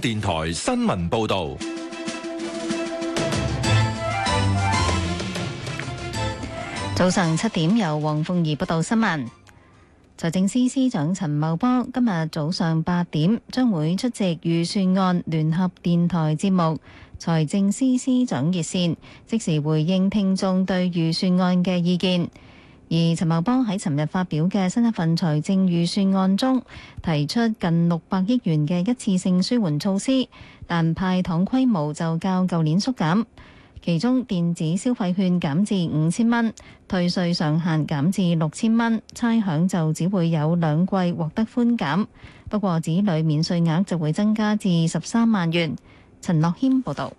電台新聞報道，早上七點由黃鳳儀報道新聞。財政司司長陳茂波今日早上八點將會出席預算案聯合電台節目《財政司司長熱線》，即時回應聽眾對預算案嘅意見。而陳茂波喺尋日發表嘅新一份財政預算案中，提出近六百億元嘅一次性舒緩措施，但派糖規模就較舊年縮減。其中電子消費券減至五千蚊，退稅上限減至六千蚊，差餉就只會有兩季獲得寬減。不過子女免稅額就會增加至十三萬元。陳樂謙報導，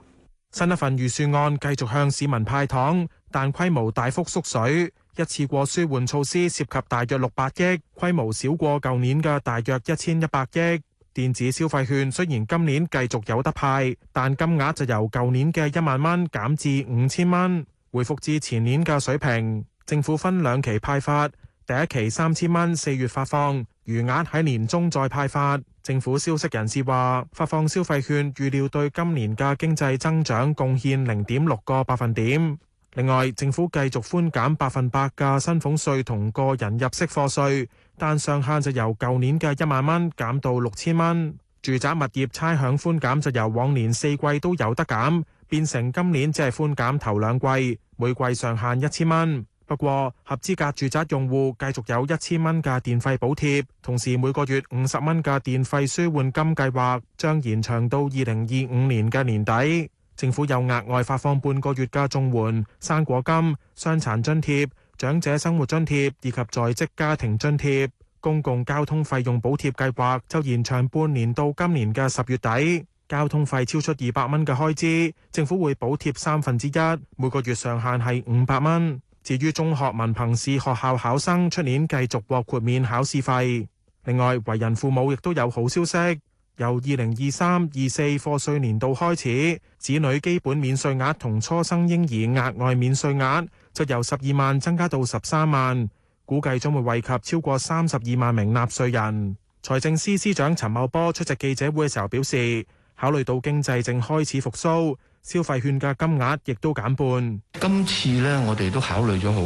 新一份預算案繼續向市民派糖，但規模大幅縮水。一次過紓緩措施涉及大約六百億，規模少過舊年嘅大約一千一百億。電子消費券雖然今年繼續有得派，但金額就由舊年嘅一萬蚊減至五千蚊，回復至前年嘅水平。政府分兩期派發，第一期三千蚊，四月發放，餘額喺年中再派發。政府消息人士話，發放消費券預料對今年嘅經濟增長貢獻零點六個百分點。另外，政府繼續寬減百分百嘅薪俸稅同個人入息課稅，但上限就由舊年嘅一萬蚊減到六千蚊。住宅物業差餉寬減就由往年四季都有得減，變成今年只係寬減頭兩季，每季上限一千蚊。不過，合資格住宅用戶繼續有一千蚊嘅電費補貼，同時每個月五十蚊嘅電費舒緩金計劃將延長到二零二五年嘅年底。政府又額外發放半個月嘅綜援、生果金、傷殘津貼、長者生活津貼以及在職家庭津貼、公共交通費用補貼計劃，就延長半年到今年嘅十月底。交通費超出二百蚊嘅開支，政府會補貼三分之一，3, 每個月上限係五百蚊。至於中學文憑試學校考生，出年繼續獲豁免考試費。另外，為人父母亦都有好消息。由二零二三、二四課稅年度開始，子女基本免稅額同初生嬰兒額外免稅額就由十二萬增加到十三萬，估計將會惠及超過三十二萬名納稅人。財政司司司長陳茂波出席記者會嘅時候表示，考慮到經濟正開始復甦。消費券嘅金額亦都減半。今次呢，我哋都考慮咗好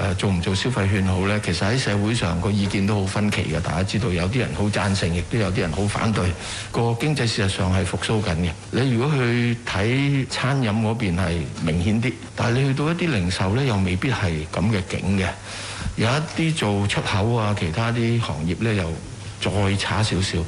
耐，誒，做唔做消費券好呢？其實喺社會上個意見都好分歧嘅。大家知道有啲人好贊成，亦都有啲人好反對。個經濟事實上係復甦緊嘅。你如果去睇餐飲嗰邊係明顯啲，但係你去到一啲零售呢，又未必係咁嘅景嘅。有一啲做出口啊，其他啲行業呢，又再差少少。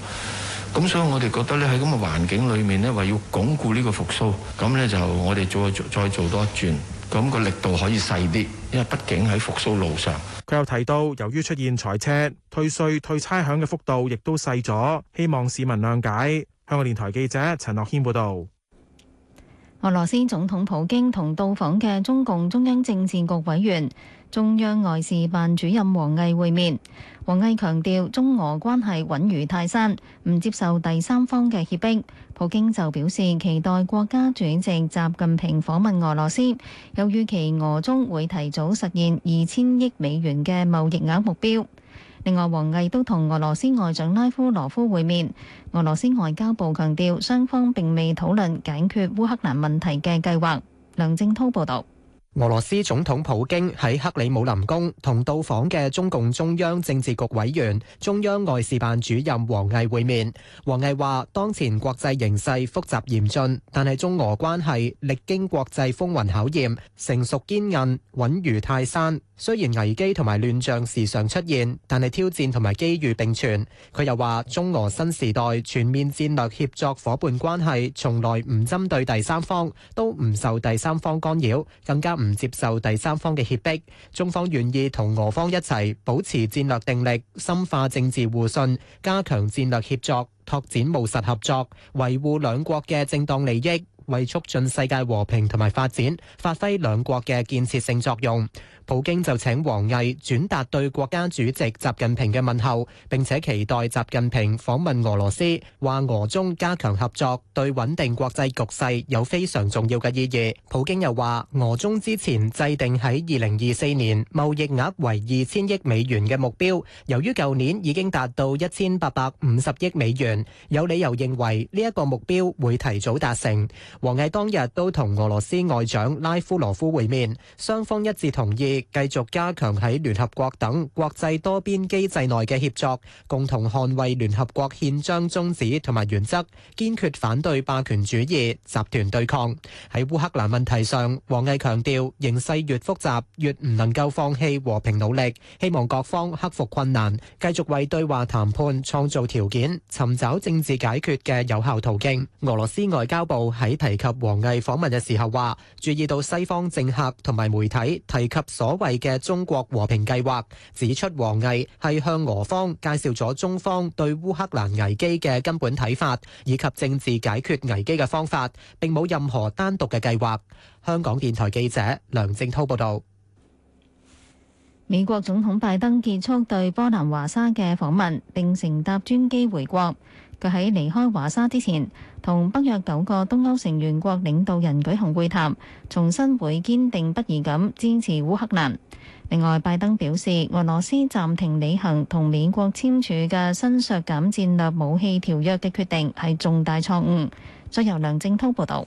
咁所以我哋覺得咧喺咁嘅環境裏面咧，話要鞏固呢個復甦，咁咧就我哋再做再做多一轉，咁個力度可以細啲，因為畢竟喺復甦路上。佢又提到，由於出現財赤、退稅、退差餉嘅幅度亦都細咗，希望市民諒解。香港電台記者陳樂軒報導。俄羅斯總統普京同到訪嘅中共中央政治局委員、中央外事辦主任王毅會面。王毅強調中俄關係穩如泰山，唔接受第三方嘅脅迫。普京就表示期待國家主席習近平訪問俄羅斯，又預期俄中會提早實現二千億美元嘅貿易額目標。另外，王毅都同俄羅斯外長拉夫羅夫會面。俄羅斯外交部強調雙方並未討論解決烏克蘭問題嘅計劃，梁正濤報道。俄羅斯總統普京喺克里姆林宮同到訪嘅中共中央政治局委員、中央外事辦主任王毅會面。王毅話：當前國際形勢複雜嚴峻，但係中俄關係歷經國際風雲考驗，成熟堅韌，穩如泰山。雖然危機同埋亂象時常出現，但係挑戰同埋機遇並存。佢又話：中俄新時代全面戰略協作夥伴關係從來唔針對第三方，都唔受第三方干擾，更加唔。唔接受第三方嘅脅迫，中方願意同俄方一齊保持戰略定力，深化政治互信，加強戰略協作，拓展務實合作，維護兩國嘅正當利益。為促進世界和平同埋發展，發揮兩國嘅建設性作用，普京就請王毅轉達對國家主席習近平嘅問候，並且期待習近平訪問俄羅斯。話俄中加強合作對穩定國際局勢有非常重要嘅意義。普京又話，俄中之前制定喺二零二四年貿易額為二千億美元嘅目標，由於舊年已經達到一千八百五十億美元，有理由認為呢一個目標會提早達成。王毅當日都同俄羅斯外長拉夫羅夫會面，雙方一致同意繼續加強喺聯合國等國際多邊機制內嘅協作，共同捍衛聯合國憲章宗旨同埋原則，堅決反對霸權主義、集團對抗。喺烏克蘭問題上，王毅強調形勢越複雜越唔能夠放棄和平努力，希望各方克服困難，繼續為對話談判創造條件，尋找政治解決嘅有效途徑。俄羅斯外交部喺提及王毅訪問嘅時候，話注意到西方政客同埋媒體提及所謂嘅中國和平計劃，指出王毅係向俄方介紹咗中方對烏克蘭危機嘅根本睇法，以及政治解決危機嘅方法，並冇任何單獨嘅計劃。香港電台記者梁正濤報道。美國總統拜登結束對波蘭華沙嘅訪問，並乘搭專機回國。佢喺離開華沙之前，同北約九個東歐成員國領導人舉行會談，重新會堅定不移咁支持烏克蘭。另外，拜登表示，俄羅斯暫停履行同美國簽署嘅新削減戰略武器條約嘅決定係重大錯誤。再由梁正濤報導。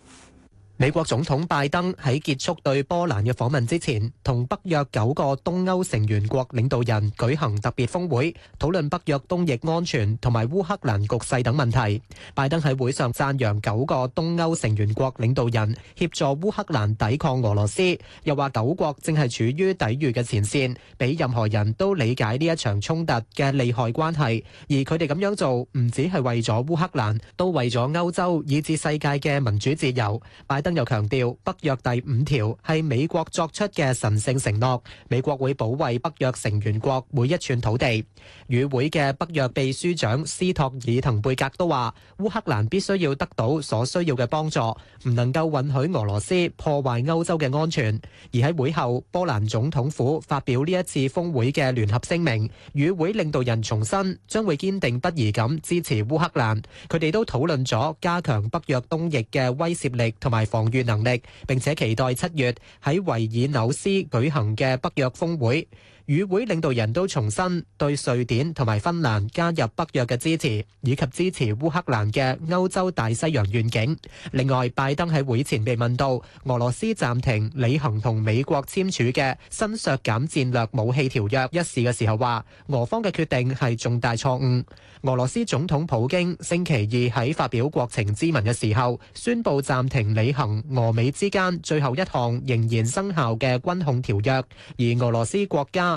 美國總統拜登喺結束對波蘭嘅訪問之前，同北約九個東歐成員國領導人舉行特別峰會，討論北約東翼安全同埋烏克蘭局勢等問題。拜登喺會上讚揚九個東歐成員國領導人協助烏克蘭抵抗俄羅斯，又話九國正係處於抵禦嘅前線，比任何人都理解呢一場衝突嘅利害關係，而佢哋咁樣做唔止係為咗烏克蘭，都為咗歐洲以至世界嘅民主自由。拜登。又強調北約第五條係美國作出嘅神聖承諾，美國會保衛北約成員國每一寸土地。與會嘅北約秘書長斯托爾滕貝格都話，烏克蘭必須要得到所需要嘅幫助，唔能夠允許俄羅斯破壞歐洲嘅安全。而喺會後，波蘭總統府發表呢一次峰會嘅聯合聲明，與會領導人重申將會堅定不移咁支持烏克蘭。佢哋都討論咗加強北約東翼嘅威懾力同埋防。防禦能力，並且期待七月喺維爾紐斯舉行嘅北約峰會。與會領導人都重申對瑞典同埋芬蘭加入北約嘅支持，以及支持烏克蘭嘅歐洲大西洋願景。另外，拜登喺會前被問到俄羅斯暫停履行同美國簽署嘅新削減戰略武器條約一事嘅時候，話俄方嘅決定係重大錯誤。俄羅斯總統普京星期二喺發表國情咨文嘅時候，宣布暫停履行俄美之間最後一項仍然生效嘅軍控條約，而俄羅斯國家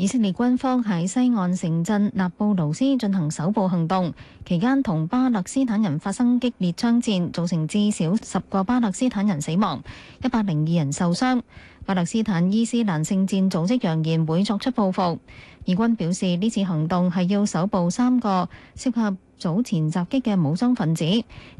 以色列軍方喺西岸城鎮納布勞斯進行首部行動，期間同巴勒斯坦人發生激烈槍戰，造成至少十個巴勒斯坦人死亡，一百零二人受傷。巴勒斯坦伊斯蘭聖戰組織揚言會作出報復。以軍表示，呢次行動係要搜捕三個涉及早前襲擊嘅武裝分子。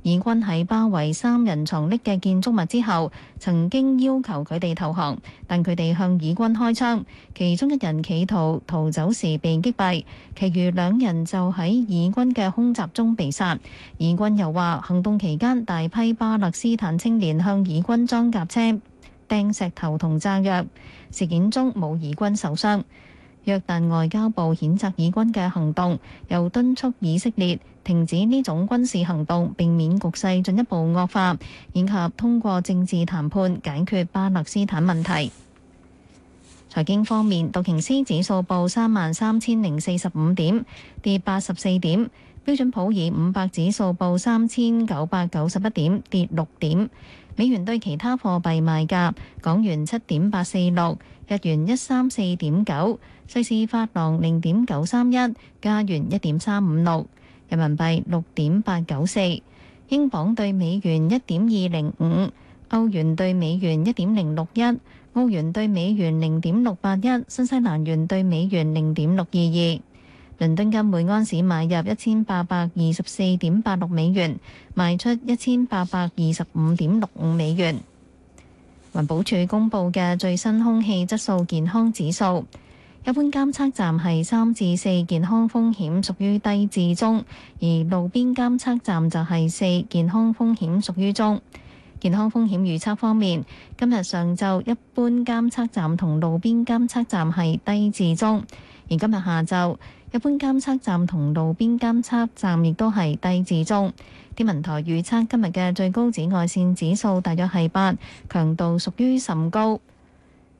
以軍喺包圍三人藏匿嘅建築物之後，曾經要求佢哋投降，但佢哋向以軍開槍。其中一人企圖逃走時被擊斃，其餘兩人就喺以軍嘅空襲中被殺。以軍又話，行動期間大批巴勒斯坦青年向以軍裝甲車掟石頭同炸藥，事件中冇以軍受傷。約旦外交部譴責以軍嘅行動，又敦促以色列停止呢種軍事行動，避免局勢進一步惡化，以及通過政治談判解決巴勒斯坦問題。財經方面，道瓊斯指數報三萬三千零四十五點，跌八十四點；標準普爾五百指數報三千九百九十一點，跌六點。美元對其他貨幣賣價：港元七點八四六，日元一三四點九，瑞士法郎零點九三一，加元一點三五六，人民幣六點八九四，英鎊對美元一點二零五，歐元對美元一點零六一，澳元對美元零點六八一，新西蘭元對美元零點六二二。倫敦金每安士買入一千八百二十四點八六美元，賣出一千八百二十五點六五美元。環保署公布嘅最新空氣質素健康指數，一般監測站係三至四健康風險，屬於低至中；而路邊監測站就係四健康風險，屬於中。健康風險預測方面，今日上晝一般監測站同路邊監測站係低至中，而今日下晝，一般監測站同路邊監測站亦都係低至中。天文台預測今日嘅最高紫外線指數大約係八，強度屬於甚高。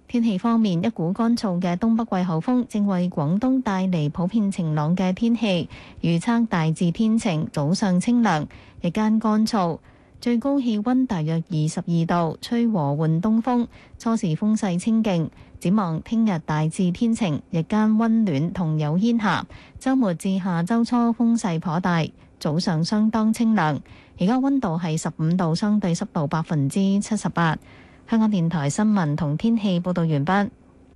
天氣方面，一股乾燥嘅東北季候風正為廣東帶嚟普遍晴朗嘅天氣，預測大致天晴，早上清涼，日間乾燥。最高氣溫大約二十二度，吹和緩東風，初時風勢清勁。展望聽日大致天晴，日間溫暖同有煙霞。週末至下周初風勢頗大，早上相當清涼。而家溫度係十五度，相對濕度百分之七十八。香港電台新聞同天氣報導完畢。